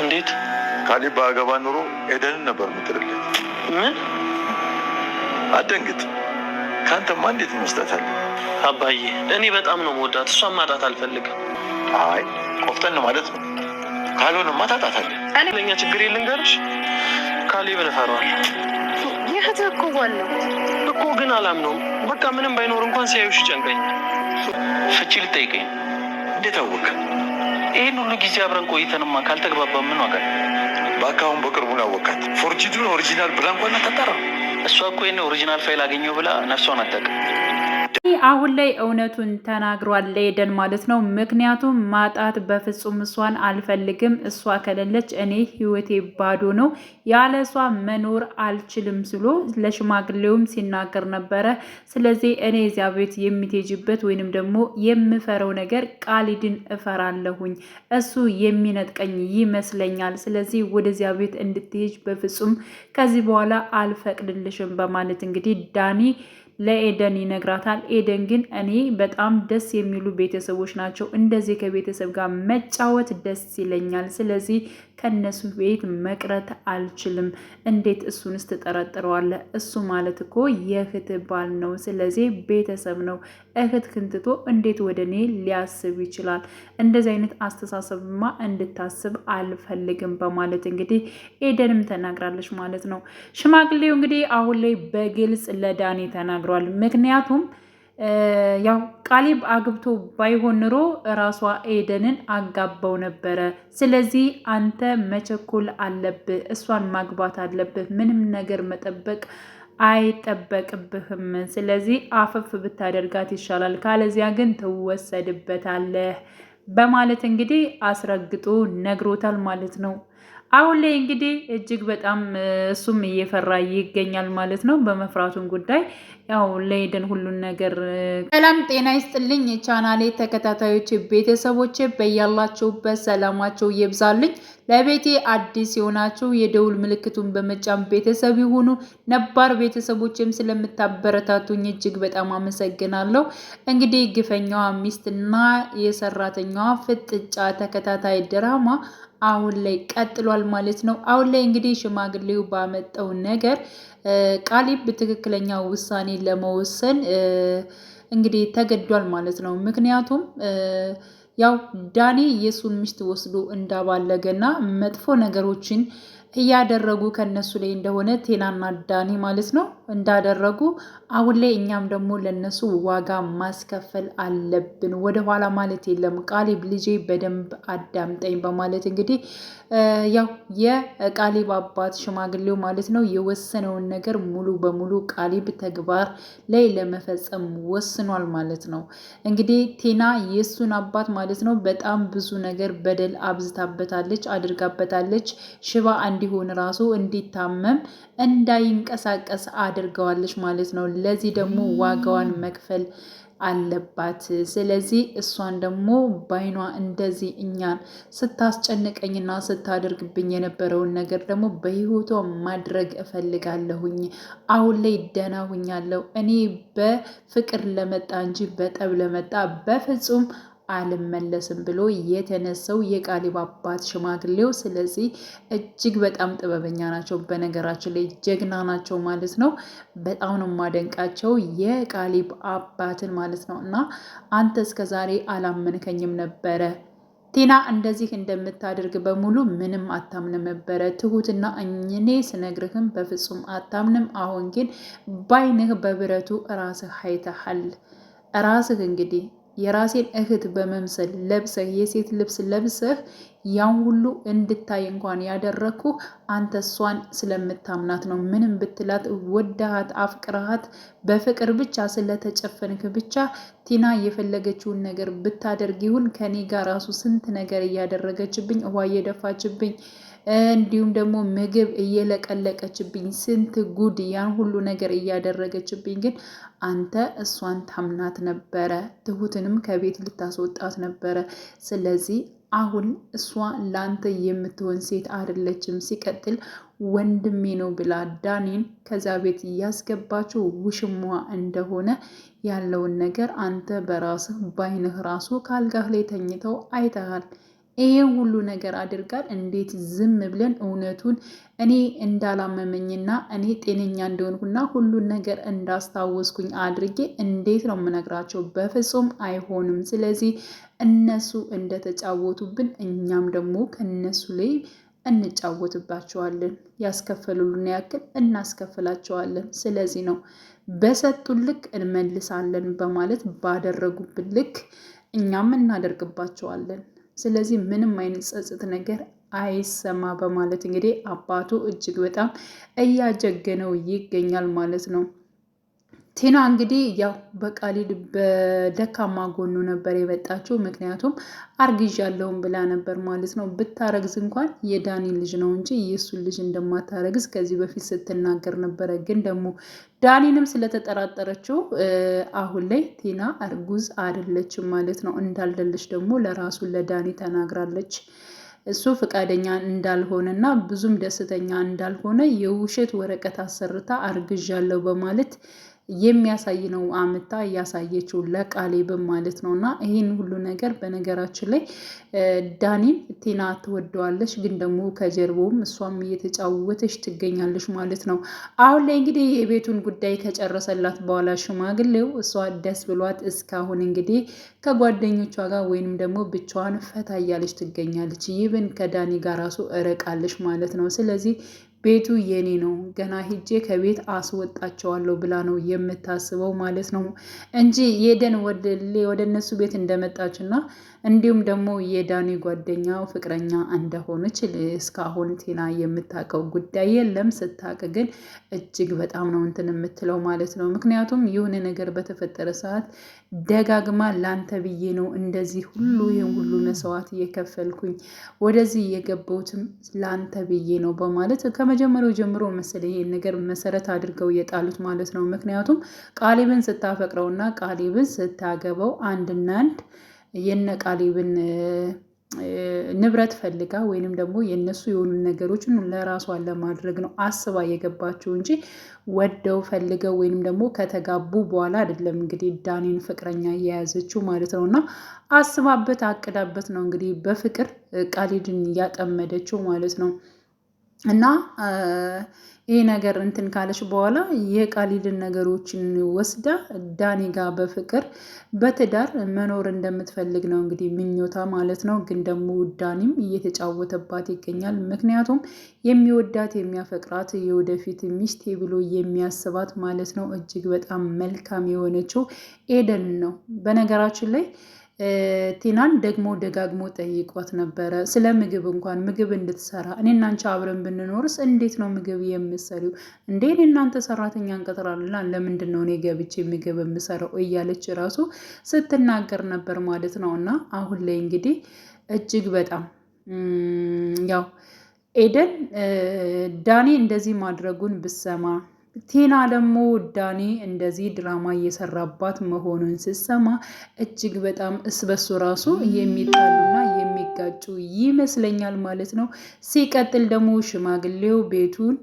እንዴት ካሌብ በአገባ ኑሮ ኤደንን ነበር ምትልልኝ። ምን አደንግጥ። ከአንተማ እንዴት መስጠታል? አባዬ እኔ በጣም ነው መወዳት፣ እሷን ማጣት አልፈልግም። አይ ቆፍጠን ማለት ነው፣ ካልሆነማ ታጣታለህ። ለኛ ችግር የልንገርሽ፣ ካሌብን እፈራዋለሁ። ይህ ትክዋለሁ እኮ ግን አላምነውም። በቃ ምንም ባይኖር እንኳን ሲያዩሽ ይጨንቀኝ። ፍቺ ልጠይቀኝ እንዴት አወቅ? ይህን ሁሉ ጊዜ አብረን ቆይተንማ ካልተግባባ ምን ዋጋ? በአካሁን በቅርቡ ነው ያወቃት። ፎርጂዱን ኦሪጂናል ብላ እንኳን እሷ እኮ ይህን ኦሪጂናል ፋይል አገኘው ብላ ነፍሷን አታውቅም። አሁን ላይ እውነቱን ተናግሯል ለኤደን ማለት ነው። ምክንያቱም ማጣት በፍጹም እሷን አልፈልግም፣ እሷ ከሌለች እኔ ህይወቴ ባዶ ነው፣ ያለ እሷ መኖር አልችልም ስሎ ለሽማግሌውም ሲናገር ነበረ። ስለዚህ እኔ እዚያ ቤት የምትሄጂበት ወይንም ደግሞ የምፈረው ነገር ቃሊድን እፈራለሁኝ፣ እሱ የሚነጥቀኝ ይመስለኛል። ስለዚህ ወደዚያ ቤት እንድትሄጅ በፍጹም ከዚህ በኋላ አልፈቅድልሽም በማለት እንግዲህ ዳኒ ለኤደን ይነግራታል። ኤደን ግን እኔ በጣም ደስ የሚሉ ቤተሰቦች ናቸው፣ እንደዚህ ከቤተሰብ ጋር መጫወት ደስ ይለኛል። ስለዚህ ከእነሱ ቤት መቅረት አልችልም። እንዴት እሱንስ ትጠረጥረዋለህ? እሱ ማለት እኮ የእህት ባል ነው። ስለዚህ ቤተሰብ ነው። እህት ክንትቶ እንዴት ወደ እኔ ሊያስብ ይችላል? እንደዚህ አይነት አስተሳሰብማ እንድታስብ አልፈልግም በማለት እንግዲህ ኤደንም ተናግራለች ማለት ነው። ሽማግሌው እንግዲህ አሁን ላይ በግልጽ ለዳኒ ተናግሯል። ምክንያቱም ያው ቃሊብ አግብቶ ባይሆን ኑሮ ራሷ ኤደንን አጋባው ነበረ። ስለዚህ አንተ መቸኮል አለብህ፣ እሷን ማግባት አለብህ። ምንም ነገር መጠበቅ አይጠበቅብህም። ስለዚህ አፈፍ ብታደርጋት ይሻላል፣ ካለዚያ ግን ትወሰድበታለህ በማለት እንግዲህ አስረግጦ ነግሮታል ማለት ነው። አሁን ላይ እንግዲህ እጅግ በጣም እሱም እየፈራ ይገኛል ማለት ነው። በመፍራቱን ጉዳይ ያው ለሄደን ሁሉን ነገር ሰላም ጤና ይስጥልኝ። ቻናሌ ተከታታዮች ቤተሰቦች በያላችሁበት ሰላማቸው ይብዛልኝ። ለቤቴ አዲስ የሆናችሁ የደውል ምልክቱን በመጫን ቤተሰብ ይሁኑ። ነባር ቤተሰቦችም ስለምታበረታቱኝ እጅግ በጣም አመሰግናለሁ። እንግዲህ ግፈኛዋ ሚስትና የሰራተኛዋ ፍጥጫ ተከታታይ ድራማ አሁን ላይ ቀጥሏል ማለት ነው። አሁን ላይ እንግዲህ ሽማግሌው ባመጣው ነገር ቃሊብ ትክክለኛ ውሳኔ ለመወሰን እንግዲህ ተገዷል ማለት ነው። ምክንያቱም ያው ዳኔ የእሱን ሚስት ወስዶ እንዳባለገና መጥፎ ነገሮችን እያደረጉ ከነሱ ላይ እንደሆነ ቴናና ዳኒ ማለት ነው እንዳደረጉ አሁን ላይ እኛም ደግሞ ለነሱ ዋጋ ማስከፈል አለብን። ወደኋላ ማለት የለም። ቃሊብ ልጄ በደንብ አዳምጠኝ በማለት እንግዲህ ያው የቃሊብ አባት ሽማግሌው ማለት ነው የወሰነውን ነገር ሙሉ በሙሉ ቃሊብ ተግባር ላይ ለመፈጸም ወስኗል ማለት ነው። እንግዲህ ቴና የእሱን አባት ማለት ነው በጣም ብዙ ነገር በደል አብዝታበታለች፣ አድርጋበታለች ሽባ እንዲሆን ራሱ እንዲታመም እንዳይንቀሳቀስ አድርገዋለች ማለት ነው። ለዚህ ደግሞ ዋጋዋን መክፈል አለባት። ስለዚህ እሷን ደግሞ ባይኗ እንደዚህ እኛን ስታስጨንቀኝና ስታደርግብኝ የነበረውን ነገር ደግሞ በህይወቷ ማድረግ እፈልጋለሁኝ። አሁን ላይ ደህና ሁኛለሁ። እኔ በፍቅር ለመጣ እንጂ በጠብ ለመጣ በፍጹም አልመለስም ብሎ የተነሳው የቃሊብ አባት ሽማግሌው። ስለዚህ እጅግ በጣም ጥበበኛ ናቸው፣ በነገራችን ላይ ጀግና ናቸው ማለት ነው። በጣም ነው የማደንቃቸው የቃሊብ አባትን ማለት ነው። እና አንተ እስከዛሬ አላመንከኝም ነበረ ቲና እንደዚህ እንደምታደርግ በሙሉ ምንም አታምንም ነበረ። ትሁትና እኔ ስነግርህም በፍጹም አታምንም። አሁን ግን ባይንህ በብረቱ ራስህ አይተሃል። ራስህ እንግዲህ የራሴን እህት በመምሰል ለብሰህ የሴት ልብስ ለብሰህ ያን ሁሉ እንድታይ እንኳን ያደረግኩ አንተ እሷን ስለምታምናት ነው። ምንም ብትላት ወዳሃት አፍቅረሃት በፍቅር ብቻ ስለተጨፈንክ ብቻ ቲና የፈለገችውን ነገር ብታደርግ ይሁን ከኔ ጋር ራሱ ስንት ነገር እያደረገችብኝ፣ ውሃ እየደፋችብኝ እንዲሁም ደግሞ ምግብ እየለቀለቀችብኝ ስንት ጉድ ያን ሁሉ ነገር እያደረገችብኝ፣ ግን አንተ እሷን ታምናት ነበረ፣ ትሁትንም ከቤት ልታስወጣት ነበረ። ስለዚህ አሁን እሷ ለአንተ የምትሆን ሴት አይደለችም። ሲቀጥል ወንድሜ ነው ብላ ዳኒን ከዛ ቤት እያስገባችው ውሽሟ እንደሆነ ያለውን ነገር አንተ በራስህ ባይንህ ራሱ ካልጋህ ላይ ተኝተው አይተሃል። ይሄን ሁሉ ነገር አድርጋል። እንዴት ዝም ብለን እውነቱን እኔ እንዳላመመኝና እኔ ጤነኛ እንደሆንኩና ሁሉን ነገር እንዳስታወስኩኝ አድርጌ እንዴት ነው የምነግራቸው? በፍጹም አይሆንም። ስለዚህ እነሱ እንደተጫወቱብን እኛም ደግሞ ከነሱ ላይ እንጫወትባቸዋለን። ያስከፈሉልን ያክል እናስከፍላቸዋለን። ስለዚህ ነው በሰጡን ልክ እንመልሳለን በማለት ባደረጉብን ልክ እኛም እናደርግባቸዋለን። ስለዚህ ምንም አይነት ጸጽት ነገር አይሰማ በማለት እንግዲህ አባቱ እጅግ በጣም እያጀገነው ይገኛል ማለት ነው። ቴና እንግዲህ ያው በቃሊድ በደካማ ጎኑ ነበር የመጣችው። ምክንያቱም አርግዣለሁም ብላ ነበር ማለት ነው። ብታረግዝ እንኳን የዳኒ ልጅ ነው እንጂ የእሱን ልጅ እንደማታረግዝ ከዚህ በፊት ስትናገር ነበረ። ግን ደግሞ ዳኒንም ስለተጠራጠረችው አሁን ላይ ቴና እርጉዝ አይደለችም ማለት ነው። እንዳልደለች ደግሞ ለራሱ ለዳኒ ተናግራለች። እሱ ፈቃደኛ እንዳልሆነ እና ብዙም ደስተኛ እንዳልሆነ የውሸት ወረቀት አሰርታ አርግዣለሁ በማለት የሚያሳይ ነው አምታ እያሳየችው ለቃሌብም ማለት ነው። እና ይህን ሁሉ ነገር በነገራችን ላይ ዳኒን ቲና ትወደዋለች፣ ግን ደግሞ ከጀርቦም እሷም እየተጫወተች ትገኛለች ማለት ነው። አሁን ላይ እንግዲህ የቤቱን ጉዳይ ከጨረሰላት በኋላ ሽማግሌው እሷ ደስ ብሏት እስካሁን እንግዲህ ከጓደኞቿ ጋር ወይንም ደግሞ ብቻዋን ፈታ እያለች ትገኛለች። ይብን ከዳኒ ጋር ራሱ እረቃለች ማለት ነው። ስለዚህ ቤቱ የኔ ነው ገና ሂጄ ከቤት አስወጣቸዋለሁ ብላ ነው የምታስበው ማለት ነው እንጂ የደን ወደ እነሱ ቤት እንደመጣች እና እንዲሁም ደግሞ የዳኒ ጓደኛው ፍቅረኛ እንደሆነች እስካሁን ቴና የምታውቀው ጉዳይ የለም። ስታውቅ ግን እጅግ በጣም ነው እንትን የምትለው ማለት ነው። ምክንያቱም የሆነ ነገር በተፈጠረ ሰዓት ደጋግማ ላንተ ብዬ ነው እንደዚህ ሁሉ ይህን ሁሉ መስዋዕት እየከፈልኩኝ ወደዚህ እየገባሁትም ላንተ ብዬ ነው በማለት ከመጀመሪያው ጀምሮ መሰለኝ ይሄን ነገር መሰረት አድርገው የጣሉት ማለት ነው። ምክንያቱም ቃሌብን ስታፈቅረውና ቃሌብን ስታገባው አንድና አንድ የነ ንብረት ፈልጋ ወይንም ደግሞ የነሱ የሆኑ ነገሮችን ለራሷ ለማድረግ ነው አስባ የገባችው እንጂ ወደው ፈልገው ወይንም ደግሞ ከተጋቡ በኋላ አይደለም እንግዲህ ዳኔን ፍቅረኛ የያዘችው ማለት ነው። እና አስባበት አቅዳበት ነው እንግዲህ በፍቅር ቃሊድን እያጠመደችው ማለት ነው። እና ይህ ነገር እንትን ካለች በኋላ የቃሊልን ነገሮችን ወስዳ ዳኒ ጋር በፍቅር በትዳር መኖር እንደምትፈልግ ነው እንግዲህ ምኞታ ማለት ነው። ግን ደግሞ ዳኒም እየተጫወተባት ይገኛል። ምክንያቱም የሚወዳት የሚያፈቅራት የወደፊት ሚስቴ ብሎ የሚያስባት ማለት ነው እጅግ በጣም መልካም የሆነችው ኤደን ነው በነገራችን ላይ ቲናን ደግሞ ደጋግሞ ጠይቋት ነበረ። ስለ ምግብ እንኳን ምግብ እንድትሰራ እኔ እናንቺ አብረን ብንኖርስ እንዴት ነው ምግብ የምሰሪው እንዴ? እኔ እናንተ ሰራተኛ እንቀጥራልና ለምንድን ነው እኔ ገብቼ ምግብ የምሰራው? እያለች ራሱ ስትናገር ነበር ማለት ነው። እና አሁን ላይ እንግዲህ እጅግ በጣም ያው ኤደን ዳኔ እንደዚህ ማድረጉን ብሰማ ቲና ደግሞ ዳኒ እንደዚህ ድራማ እየሰራባት መሆኑን ስትሰማ እጅግ በጣም እስበሱ ራሱ የሚጣሉና የሚጋጩ ይመስለኛል ማለት ነው። ሲቀጥል ደግሞ ሽማግሌው ቤቱን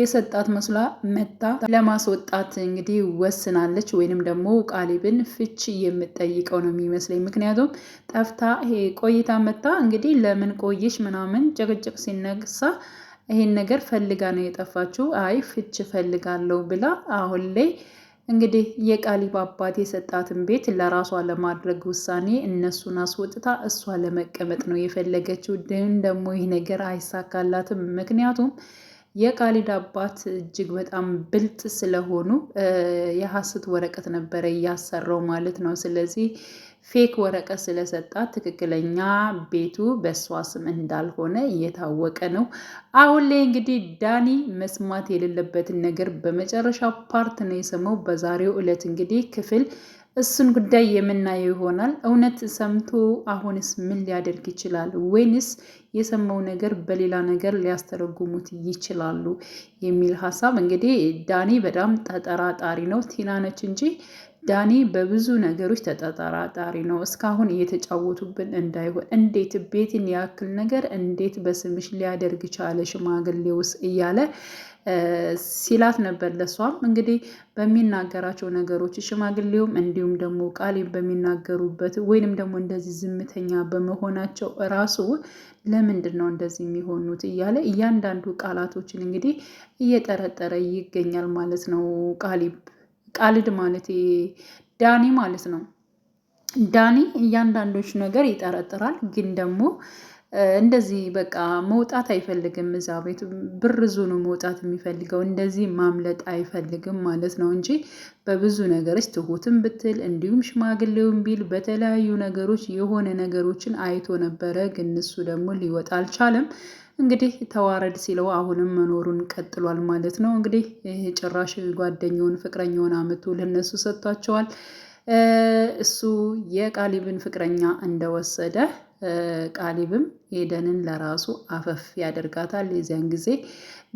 የሰጣት መስላ መታ ለማስወጣት እንግዲህ ወስናለች። ወይንም ደግሞ ቃሊብን ፍች የምጠይቀው ነው የሚመስለኝ። ምክንያቱም ጠፍታ ቆይታ መታ እንግዲህ ለምን ቆየሽ ምናምን ጭቅጭቅ ሲነግሳ ይሄን ነገር ፈልጋ ነው የጠፋችው። አይ ፍች ፈልጋለሁ ብላ አሁን ላይ እንግዲህ የቃሊብ አባት የሰጣትን ቤት ለራሷ ለማድረግ ውሳኔ እነሱን አስወጥታ እሷ ለመቀመጥ ነው የፈለገችው። ድን ደግሞ ይህ ነገር አይሳካላትም። ምክንያቱም የቃሊድ አባት እጅግ በጣም ብልጥ ስለሆኑ የሐሰት ወረቀት ነበረ እያሰራው ማለት ነው። ስለዚህ ፌክ ወረቀት ስለሰጣት ትክክለኛ ቤቱ በእሷ ስም እንዳልሆነ እየታወቀ ነው። አሁን ላይ እንግዲህ ዳኒ መስማት የሌለበትን ነገር በመጨረሻ ፓርት ነው የሰማው። በዛሬው ዕለት እንግዲህ ክፍል እሱን ጉዳይ የምናየው ይሆናል። እውነት ሰምቶ አሁንስ ምን ሊያደርግ ይችላል? ወይንስ የሰማው ነገር በሌላ ነገር ሊያስተረጉሙት ይችላሉ የሚል ሀሳብ እንግዲህ ዳኒ በጣም ተጠራጣሪ ነው። ቲና ነች እንጂ ዳኒ በብዙ ነገሮች ተጠራጣሪ ነው። እስካሁን እየተጫወቱብን እንዳይሆን እንዴት ቤትን ያክል ነገር እንዴት በስምሽ ሊያደርግ ቻለ ሽማግሌውስ እያለ ሲላት ነበር። ለሷም እንግዲህ በሚናገራቸው ነገሮች ሽማግሌውም እንዲሁም ደግሞ ቃሌ በሚናገሩበት ወይንም ደግሞ እንደዚህ ዝምተኛ በመሆናቸው እራሱ ለምንድን ነው እንደዚህ የሚሆኑት እያለ እያንዳንዱ ቃላቶችን እንግዲህ እየጠረጠረ ይገኛል ማለት ነው ቃሊብ ቃልድ ማለት ዳኒ ማለት ነው። ዳኒ እያንዳንዶች ነገር ይጠረጥራል፣ ግን ደግሞ እንደዚህ በቃ መውጣት አይፈልግም። እዛ ቤት ብር ዙ ነው መውጣት የሚፈልገው እንደዚህ ማምለጥ አይፈልግም ማለት ነው እንጂ በብዙ ነገሮች ትሁትም ብትል እንዲሁም ሽማግሌውን ቢል በተለያዩ ነገሮች የሆነ ነገሮችን አይቶ ነበረ፣ ግን እሱ ደግሞ ሊወጣ አልቻለም። እንግዲህ ተዋረድ ሲለው አሁንም መኖሩን ቀጥሏል ማለት ነው። እንግዲህ ጭራሽ ጓደኛውን ፍቅረኛውን አመቱ ለነሱ ሰጥቷቸዋል። እሱ የቃሊብን ፍቅረኛ እንደወሰደ ቃሊብም ኤደንን ለራሱ አፈፍ ያደርጋታል። የዚያን ጊዜ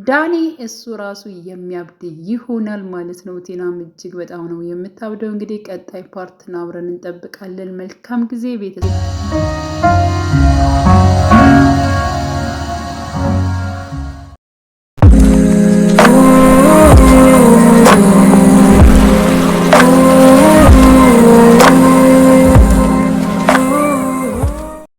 ዳኒ እሱ ራሱ የሚያብድ ይሆናል ማለት ነው። ቲናም እጅግ በጣም ነው የምታብደው። እንግዲህ ቀጣይ ፓርትን አብረን እንጠብቃለን። መልካም ጊዜ ቤተሰብ